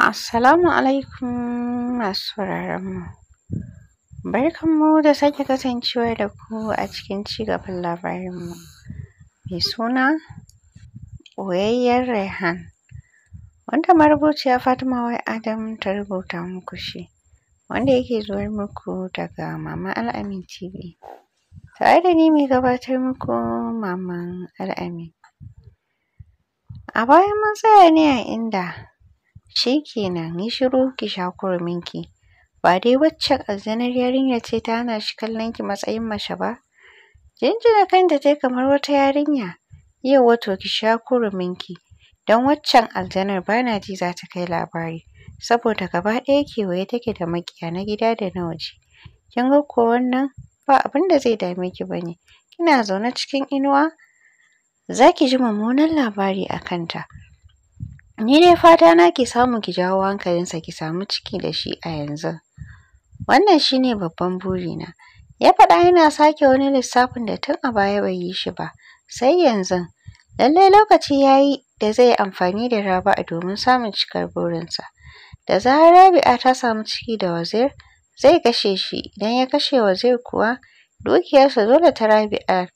Assalamu alaikum masu mu. Barkan mu da sake kasancewa da ku a cikin cigaban labarin mu. Mai suna oyayyar Raihan. Wanda marubuciya Fatima wai Adam ta rubuta muku shi. Wanda yake zuwar muku daga Mama Al'amin TV. Tare da ni mai gabatar muku mama Al'amin. A baya mun ne a inda Shi kenan, yi shiru ki sha kurminki. Ba dai waccan aljanar yarinya ce ta hana shi kallon ki matsayin mace ba? Jinjina kanta tai kamar wata yarinya. Yauwa wato ki sha kurminki. Don waccan aljanar ba na ji za ta kai labari. Saboda gaba ɗaya kewaye take da maƙiya na gida da na waje. Kin ga kuwa wannan ba abin da zai dame ki ba ne. Kina zaune cikin inuwa za ki ji mummunan labari a kanta. Ni dai fata na ki samu ki jawo hankalinsa ki samu ciki da shi a yanzu. Wannan shi ne babban burina. Ya faɗa yana sake wani lissafin da tun a baya bai yi shi ba, sai yanzu. Lallai lokaci ya yi da zai yi amfani da Rabi'a domin samun cikar burinsa. Da zarar Rabi'a ta samu ciki da Wazir, zai kashe shi, idan ya kashe Wazir kuwa, dukiyarsa dole ta Rabi'a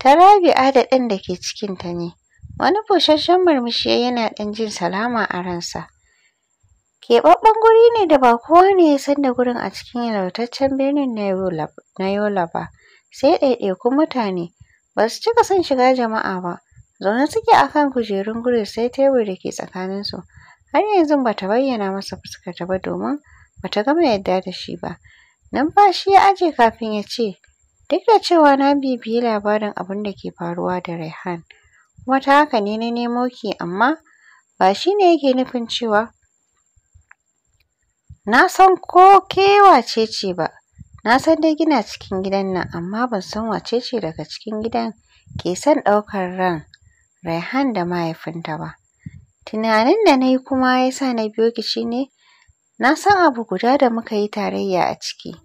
ta Rabi'a da ɗan da ke cikinta ne. Wani busasshen murmushi yana ɗan jin salama a ransa. Keɓaɓɓen guri ne da ba kowa ne ya san da gurin a cikin yalwataccen birnin na Yola ba, sai ɗaiɗaikun mutane ba su cika son shiga jama'a ba. Zaune suke a kan kujerun gurin sai tebur da ke tsakaninsu. Har yanzu ba ta bayyana masa fuskarta ba domin ba ta gama yadda da shi ba. Numfashi ya aje kafin ya ce, duk da cewa na bibiyi labarin abin da ke faruwa da Raihan, kuma ta haka ne na nemo ki amma ba shi ne yake nufin cewa na san ko ke wace ce ba na san dai gina cikin gidan nan amma ban san wace ce daga cikin gidan ke son ɗaukar ran Raihan da mahaifinta ba tunanin da na yi kuma ya sa na biyo ki shi ne na san abu guda da muka yi tarayya a ciki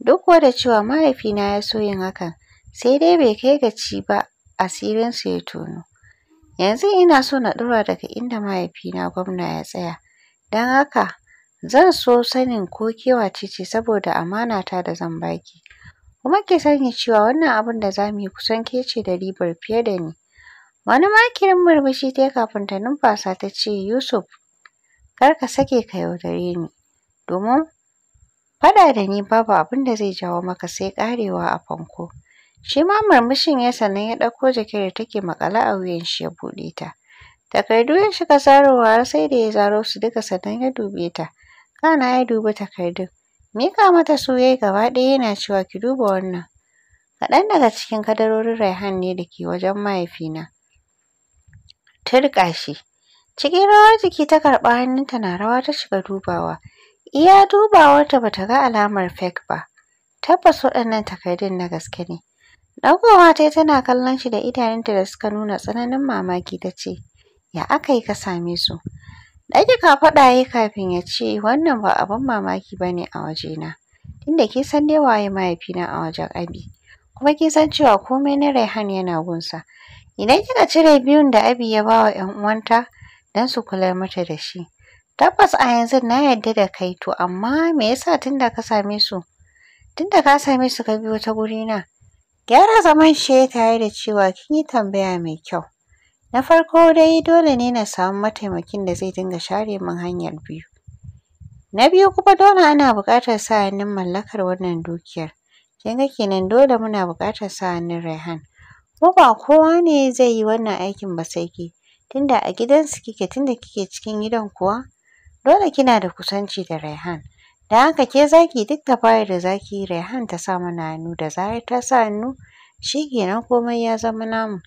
duk kuwa da cewa mahaifina ya so yin hakan sai dai bai kai gaci ba asirinsu ya tono yanzu ina so na ɗora daga inda mahaifina gwamna ya tsaya don haka zan so sanin ko kewa ce saboda amanata da zan baki kuma ke sani cewa wannan abin da za mu yi kusan ke ce da ribar fiye da ni wani makirin murmushi ta kafin ta numfasa ta ce yusuf kar ka sake ka yaudare ni domin faɗa da ni babu abin da zai jawo maka sai ƙarewa a fanko Shi ma murmushin ya sannan ya ɗauko jakar da take maƙale a wuyan shi ya buɗe ta. Takardu ya shiga zarowa sai da ya zaro su duka sannan ya dube ta. Kana ya dubi takardun. Mika mata su gaba ɗaya yana cewa ki duba wannan. Kaɗan daga cikin kadarorin Raihan ne da ke wajen mahaifina. Ta shi. Cikin rawar jiki ta karɓa hannunta na rawa ta shiga dubawa. Iya dubawarta bata ga alamar fake ba. Tabbas waɗannan takardun na gaske ne. Ɗaukowa ta tana kallon shi da idanunta da suka nuna tsananin mamaki ta ce, Ya aka yi ka same su? ka faɗa ya kafin ya ce, Wannan ba abin mamaki ba ne a wajena, tunda ke san dai waye mahaifina a wajen Abi, kuma ke san cewa komai na Raihan yana gunsa. Idan kika cire biyun da Abi ya ba wa ‘yan uwanta don su kula mata da shi, tabbas a yanzu na yarda da kai to amma me yasa tunda ka same su? Tunda ka same su ka biyo ta gurina. Gyara zaman shi tare da cewa kin yi tambaya mai kyau. Na farko dai dole ne na samu mataimakin da zai dinga share min hanyar biyu. Na biyu kuma dole ana buƙatar sa hannun mallakar wannan dukiyar. Kin ga kenan dole muna buƙatar sa hannun Raihan. Ko ba kowa ne zai yi wannan aikin ba sai ke. Tunda a gidansu kike tunda kike cikin gidan kuwa dole kina da kusanci da Raihan. Da haka ke zaki duk da fari da zaki Rehan ta sa mana hannu da zarar ta sa hannu shi kenan komai ya zama namu.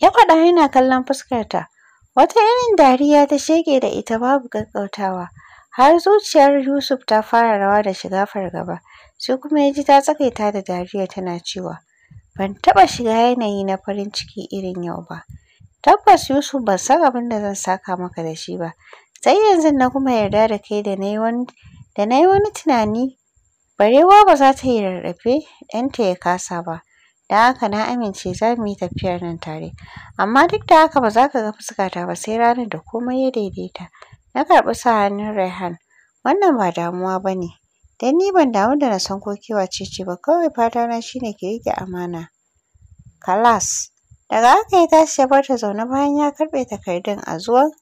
Ya faɗa yana kallon fuskar ta. Wata irin dariya ta shege da ita babu ƙaƙƙautawa. Har zuciyar Yusuf ta fara rawa da shiga fargaba. Sai kuma ya ji ta tsakaita da dariya tana cewa, ban taɓa shiga yanayi na farin ciki irin yau ba. Tabbas Yusuf ban san abin da zan saka maka da shi ba. sai yanzu na kuma yarda da kai da nayi wani da nayi wani tunani barewa ba za ta yi rarrafe ɗanta ya kasa ba da haka na amince za mu yi tafiyar nan tare amma duk da haka ba za ka ga fuskata ba sai ranar da komai ya daidaita na karɓi sa hannun Raihan wannan ba damuwa ba ne don ni ban damu da na san ko kewa ce ce ba kawai fata na shine ki riƙe amana kalas daga haka ya tashi ya bar ta zaune bayan ya karɓe takardun a zuwan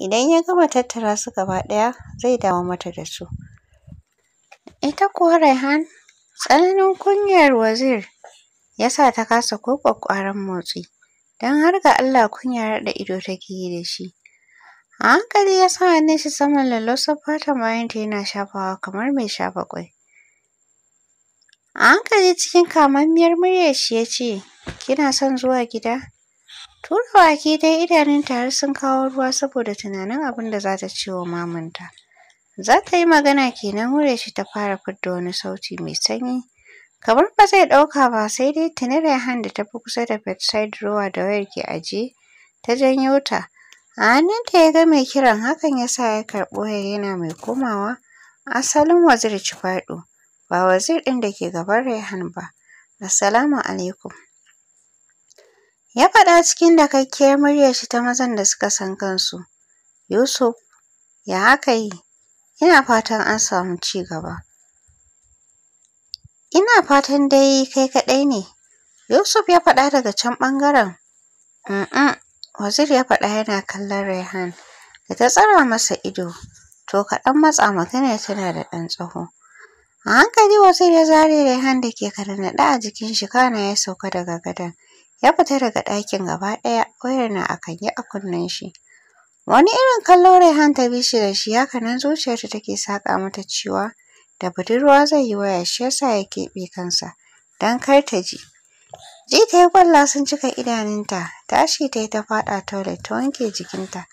Idan ya gama tattara su gaba ɗaya zai dawo mata da su. Ita kuwa Raihan tsananin kunyar Wazir ya sa ta kasa ko ƙwaƙƙwaran motsi don har ga Allah kunya raɗa ido take yi da shi. A hankali ya sa hannun shi saman lallausan fatan ta yana shafawa kamar mai shafa ƙwai. A hankali cikin kamammiyar muryar shi ya ce, kina son zuwa gida? tura ke dai idanun tare sun kawo ruwa saboda tunanin abin da za ta ce wa mamanta za ta yi magana kenan hure shi ta fara fidda wani sauti mai sanyi kamar ba zai ɗauka ba sai dai tuni Rehan da ta fi kusa da bedside drawer da wayar ke ajiye ta janyo ta a hannunta ya ga mai kiran hakan ya sa ya karɓo ya yana mai komawa asalin wazir Cifaɗo ba wazir ɗin da ke gaban Rehan ba assalamu alaikum ya faɗa cikin dakakkiyar muryar shi ta mazan da suka san kansu. Yusuf, ya haka yi? Ina fatan an samu ci gaba. Ina fatan dai kai kaɗai ne. Yusuf ya faɗa daga can ɓangaren. Mm Wazir ya faɗa yana kallon Raihan da ta tsara masa ido. To kaɗan matsa magana tana da ɗan tsaho. A hankali Wazir ya zare Raihan da ke karnaɗe a jikin shi kana ya sauka daga gadon. ya fita daga ɗakin gaba ɗaya wayar na a kange a kunnen shi wani irin kallo Raihan ta bi shi da shi haka nan zuciyarta take saƙa mata cewa da budurwa zai yi waya shi yasa ya keɓe kansa don kar ta ji ji ta yi ƙwalla sun cika idanunta tashi ta yi ta faɗa toilet ta wanke jikinta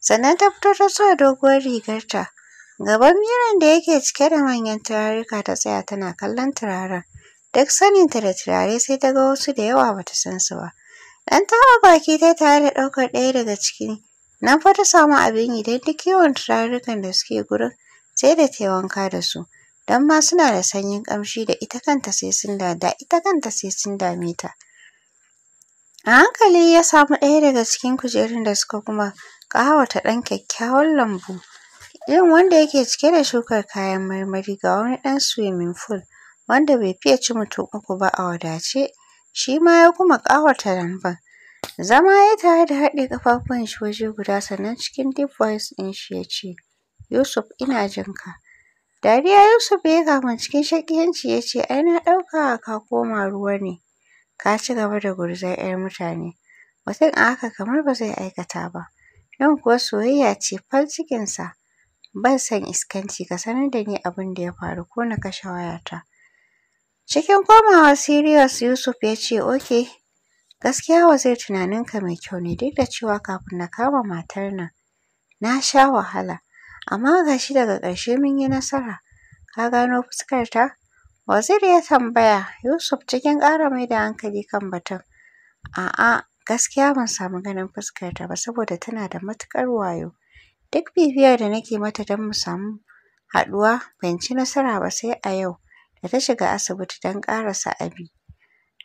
sannan ta fito ta sa doguwar rigarta gaban miran da yake cike da manyan turaruka ta tsaya tana kallon turaren Duk saninta da turare sai ta ga wasu da yawa bata san su ba. Ɗan hawa baki ta tare da ɗaukar ɗaya daga ciki. Nan fa ta samu abin yi don duk yawan turarukan da suke gurin sai da ta wanka da su. Don ma suna da sanyin ƙamshi da ita kanta sai sun dada ita kanta sai sun dame ta. A hankali ya samu ɗaya daga cikin kujerun da suka kuma ƙawata ɗan kyakkyawan lambu. Irin wanda yake cike da shukar kayan marmari ga wani ɗan swimming pool wanda bai fiye ci mutum uku ba a wadace shi ma ya kuma ƙawata lambar. Zama ya tare da haɗe ƙafafuwan shi waje guda sannan cikin deep voice ɗin shi ya ce, Yusuf ina jin ka. Dariya Yusuf ya kafin cikin shakiyanci ya ce ai na ɗauka ka koma ruwa ne. Ka ci gaba da gurzon 'yar mutane. Mutum a haka kamar ba zai aikata ba. Nan kuwa soyayya ce fal cikinsa. Ban son iskanci ka sanar da ni abin da ya faru ko na kashe wayata. Cikin komawa Sirius Yusuf ya ce, "Oke, gaskiya Wazir tunaninka mai kyau ne duk da cewa kafin na kama matar nan na sha wahala, amma ga shi daga ƙarshe mun yi nasara. Ka gano fuskarta?" Wazir ya tambaya, Yusuf cikin ƙara mai da hankali kan batun. "A'a, gaskiya ban samu ganin fuskarta ba saboda tana da matuƙar wayo. Duk bibiyar da nake mata don mu samu haɗuwa ban ci nasara ba sai a yau. da ta shiga asibiti don ƙarasa abi.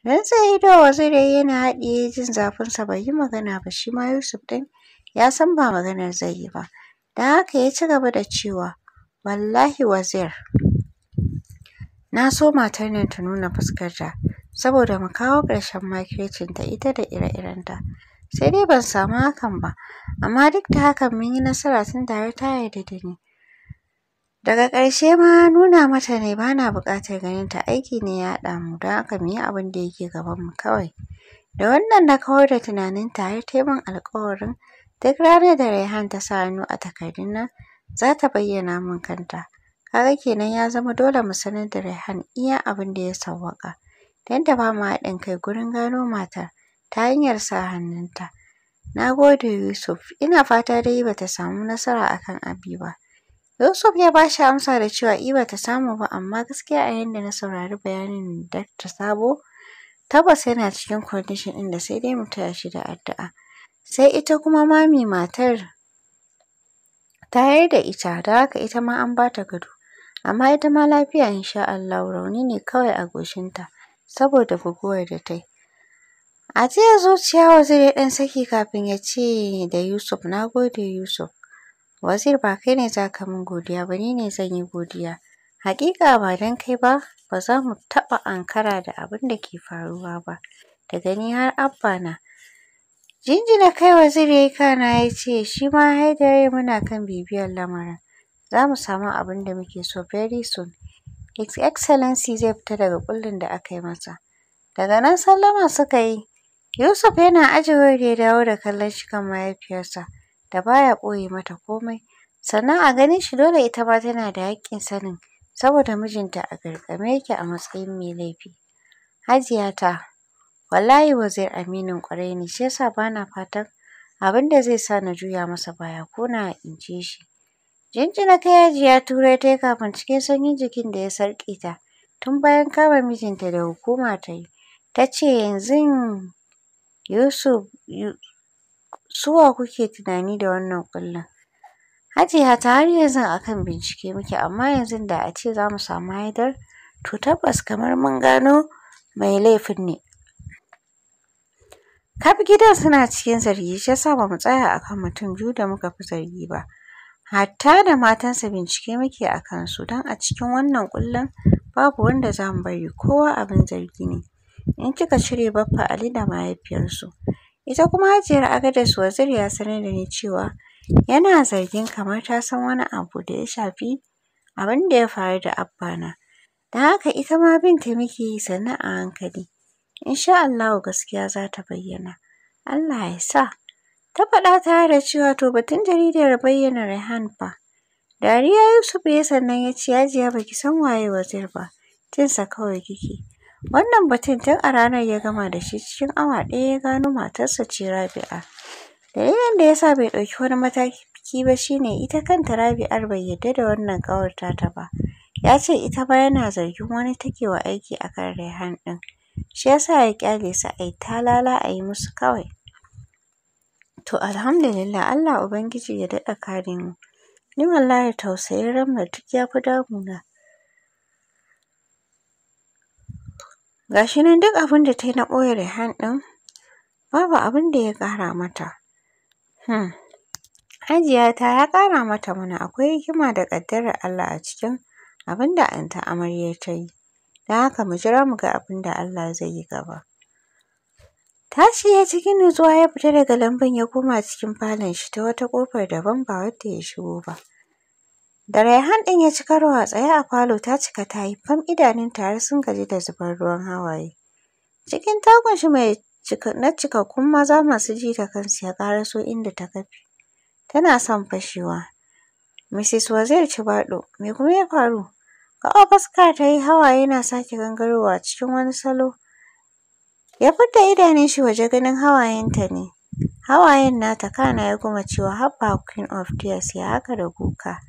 sai ido Waziri yana haɗiye jin zafinsa bai yi magana ba shi ma Yusuf ɗin ya san ba maganar zai yi ba. Don haka ya ci gaba da cewa wallahi Wazir na so matar nan ta nuna fuskar ta, saboda mu kawo ƙarshen ta ita da ire-irenta. Sai dai ban samu hakan ba amma duk da hakan mun yi nasara tun da har ta yarda da ni. Daga ƙarshe ma nuna mata ne ba na buƙatar ganinta aiki ne ya haɗa mu don aka mu yi abin da yake gabanmu kawai. Da wannan na kawar da tunaninta har ta yi min alƙawarin duk ranar da Raihan ta sa hannu a takardun nan za ta bayyana min kanta. Ka ga kenan ya zama dole mu sanar da Raihan iya abin da ya sawwaƙa ta yadda ba mu haɗin kai gurin gano matar ta hanyar sa hannunta. Na gode Yusuf, ina fata dai ba ta samu nasara a kan Abi ba. Yusuf ya ba shi amsa da cewa i ba ta samu ba amma gaskiya a yanda na saurari bayanin Dr. Sabo tabbas yana cikin condition ɗin da sai dai mu taya shi da addu'a. Sai ita kuma mami matar ta yi da ita da haka ita ma an ba ta gado amma ita ma lafiya insha Allah rauni ne kawai a goshinta saboda buguwar da ta yi. A jiya zuciya wazir ya ɗan saki kafin ya ce da Yusuf na gode Yusuf Wazir ba kai ne za ka min godiya ba ni ne zan yi godiya. Haƙiƙa ba dan kai ba ba za mu taɓa ankara da abin da ke faruwa ba. Daga ni har abba na. Jinjina kai wazir ya yi kana ya ce shi ma haidare muna kan bibiyar lamarin. Za mu samu abin da muke so very soon. His Excellency zai fita daga kullum da aka yi masa. Daga nan sallama suka yi. Yusuf yana ajiye ya dawo da kallon shi kan mahaifiyarsa. da baya ɓoye mata komai sannan a ganin shi dole ita ma tana da haƙƙin sanin saboda mijinta a garkame yake a matsayin mai laifi hajiya ta wallahi wazir aminin ƙwarai ne shi yasa bana fatan abin da zai sa na juya masa baya ko na haƙince shi jinjina kai hajiya turai ta kafin cikin sanyin jikin da ya sarƙe ta tun bayan kama mijinta da hukuma ta yi ta ce yanzu Yusuf suwa kuke tunani da wannan ƙullun hajiya ta har yanzu akan bincike muke amma yanzu da a ce za samu haidar to tabbas kamar mun gano mai laifin ne kaf gidan suna cikin zargi shi yasa ba mu tsaya akan mutum biyu da muka fi zargi ba hatta da matansa bincike muke akan su don a cikin wannan kullum babu wanda zamu bari kowa abin zargi ne in kika cire baffa ali da mahaifiyarsu Ita kuma Hajiyar su Wazir ya sanar da ni cewa yana zargin kamar ta san wani abu da ya shafi abin da ya faru da abba na Don haka ita ma binta muke yi sannu a hankali. sha Allahu gaskiya za ta bayyana. Allah ya sa. Ta faɗa tare da cewa to batun jaridar bayyana Rehan fa. Dariya Yusuf ya sannan ya ce Hajiya ba ki san waye Wazir ba, jinsa kawai kike. Wannan batun tun a ranar ya gama da shi cikin awa ɗaya ya gano matarsa ce Rabi'a. Dalilin da ya sa bai ɗauki wani mataki ba shine ita kanta Rabi'ar bai yarda da wannan ƙawar tata ba. Ya ce ita ma yana zargin wani take wa aiki a kan Rayhan ɗin, shi ya sa ya ƙyale su a yi talala a yi musu kawai. To alhamdulillah Allah Ubangiji ya daɗa kare mu. Ni wallahi tausayin Ramla duk ya fi damuna. gashi nan duk abin da ta yi na ɓoye Rehan ɗin babu abin da ya ƙara mata hmm hajiya ta ya ƙara mata mana akwai hikima da ƙaddarar Allah a cikin abin da anta amarya ta yi don haka mu jira mu ga abin da Allah zai yi gaba tashi ya cikin nutsuwa ya fita daga lambun ya koma cikin falon shi ta wata ƙofar daban ba wadda ya shigo ba Da Rayhan ɗin ya ci karo a tsaye a falo ta cika ta yi fam idanun har sun gaji da zubar ruwan hawaye. Cikin takun shi mai na cikakkun maza masu ji da kansu ya ƙaraso inda ta kafi. Tana son fashewa. Mrs. Wazir Cibaɗo, me kuma ya faru? Kawo fuska ta yi hawaye na sake gangarowa cikin wani salo. Ya fidda idanun shi waje ganin hawayenta ne. Hawayen nata kana ya kuma cewa Habba Queen of Tears ya haka da kuka.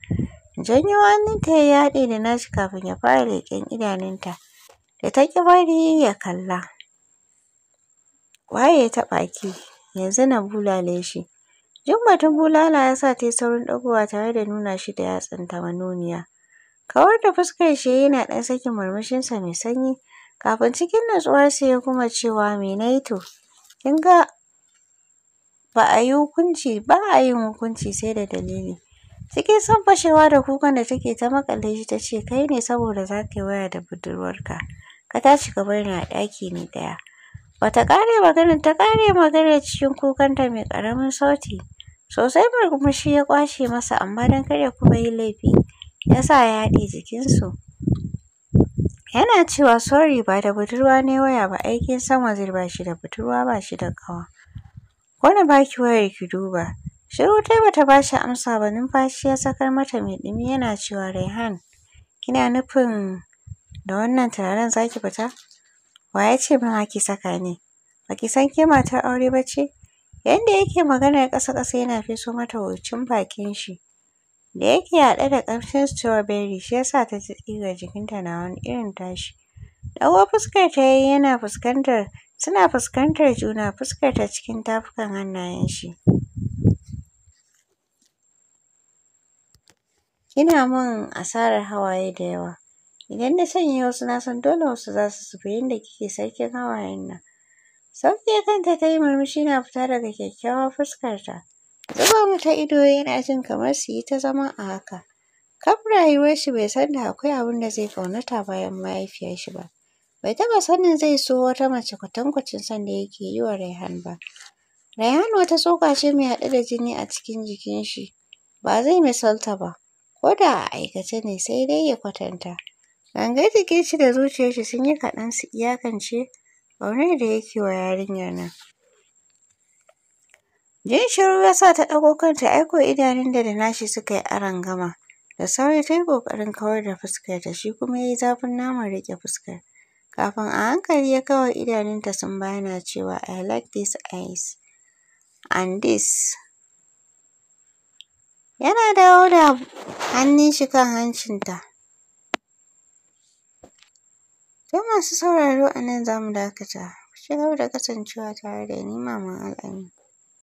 Janyo hannunta ya yaɗe da nashi kafin ya fara leƙen idanunta da ta ƙi bari ya kalla. Waye ya taɓa ki? Yanzu na bulale shi. Jin batun bulala ya sa ta yi saurin ɗagowa tare da nuna shi da yatsunta manuniya. Kawar da fuskar shi yana ɗan sakin murmushinsa mai sanyi kafin cikin natsuwarsa ya kuma cewa me na yi to? Kin ga ba a yi hukunci ba a yin hukunci sai da dalili. Cikin son fashewa da kukan da take ta makale shi tace Kai ne saboda za ka yi waya da budurwarka, ka tashi ka bar ni a ɗaki ni ɗaya. Bata kare magana ta kare maganar cikin kukanta mai ƙaramin sauti. Sosai murmushi ya kwashe masa amma don kar kuma yi laifi, ya sa ya haɗe jikinsu. Yana cewa sorry ba da budurwa ne waya ba aikin sama zai ba shi da budurwa ba shi da kawa." Ko na baki wayar ki duba. Shiru tai bata bashi shi amsa ba numfashi ya sakar mata mai ɗumi yana cewa Raihan kina nufin da wannan turaren zaki fita? Wa ya ce min ki saka ne. baki san ke matar aure ba ce? Yanda yake maganar ƙasa kasa yana feso mata wucin bakin shi da yake haɗe da ƙamshin strawberry shi ya sa ta ji jikinta na wani irin tashi. dawo fuskar ta yayi yana fuskantar suna fuskantar juna fuskar ta cikin tafukan hannayen shi. Ina mun asarar hawaye da yawa. Idan na sanya wasu na san dole wasu za su zubo yanda kike sarkin hawayen nan. Sauke kanta ta yi murmushi na fita daga kyakkyawar fuskarta. Zuba mata ido yana jin kamar su yi ta zama a haka. Kaf rayuwarshi bai san da akwai abin da zai ƙaunata bayan mahaifiyar shi ba. Bai taɓa sanin zai so wata mace kwatankwacin son da yake yi wa Raihan ba. Raihan wata tsoka ce mai haɗe da jini a cikin jikin shi. Ba zai misalta ba. ko da a aikace ne sai dai ya kwatanta. Gangar jikin shi da zuciyar shi sun yi kaɗan su iyakance ƙaunar da yake wa yarinyar nan. Jin shiru ya sa ta ɗago kanta aiko idanun da da nashi suka yi aron gama, Da sauri ta yi ƙoƙarin kawar da fuskarta shi kuma ya yi zafin naman riƙe fuskar. Kafin a hankali ya kawo idanunta sun bayana cewa I like these eyes and this yana dawo da hannun shi kan hancinta. Don masu sauraro a nan za mu dakata. Ku ci gaba da kasancewa tare da ni Maman Al'amin.